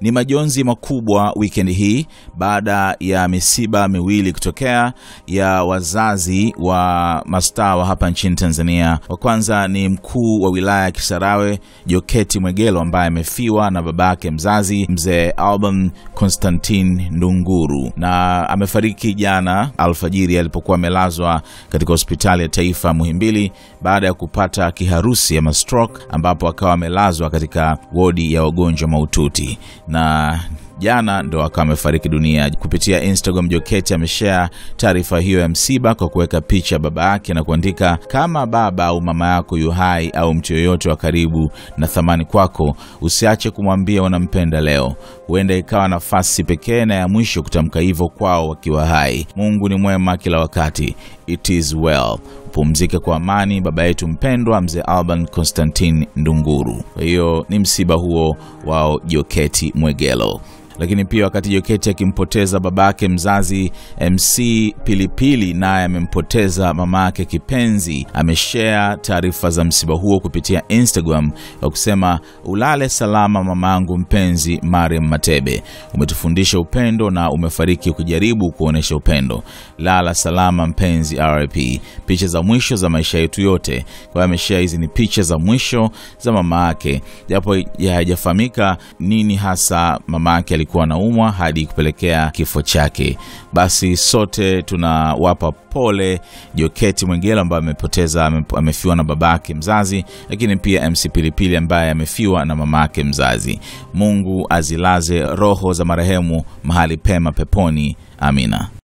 Ni majonzi makubwa wikendi hii baada ya misiba miwili kutokea ya wazazi wa mastawa hapa nchini Tanzania. Wa kwanza ni mkuu wa wilaya ya Kisarawe Joketi Mwegelo ambaye amefiwa na baba yake mzazi mzee Alban konstantin Ndunguru, na amefariki jana alfajiri alipokuwa amelazwa katika hospitali ya taifa Muhimbili baada ya kupata kiharusi ya mastroke ambapo akawa amelazwa katika wodi ya wagonjwa maututi na jana ndo akawa amefariki dunia. Kupitia Instagram, joketi ameshare taarifa hiyo ya msiba kwa kuweka picha baba yake na kuandika, kama baba au mama yako yu hai au mtu yoyote wa karibu na thamani kwako, usiache kumwambia unampenda leo. Huenda ikawa nafasi pekee na ya mwisho kutamka hivyo kwao wakiwa hai. Mungu ni mwema kila wakati. It is well. Pumzike kwa amani baba yetu mpendwa, mzee Alban Constantine Ndunguru. Kwa hiyo ni msiba huo wao Joketi. Mwegelo. lakini pia wakati Joketi akimpoteza babake mzazi MC Pilipili, naye amempoteza yake kipenzi. Ameshare taarifa za msiba huo kupitia Instagram kwa kusema, ulale salama mamangu mpenzi Mariam Matebe, umetufundisha upendo na umefariki ukijaribu kuonyesha upendo. Lala salama mpenzi RIP. Picha za mwisho za maisha yetu yote. Kwa hiyo ameshare hizi ni picha za mwisho za mama yake, japo hajafahamika nini hasa mama yake alikuwa anaumwa hadi kupelekea kifo chake. Basi sote tunawapa pole Joketi mwengelo ambaye amepoteza amefiwa na babake mzazi, lakini pia MC Pilipili ambaye amefiwa na mamake mzazi. Mungu azilaze roho za marehemu mahali pema peponi. Amina.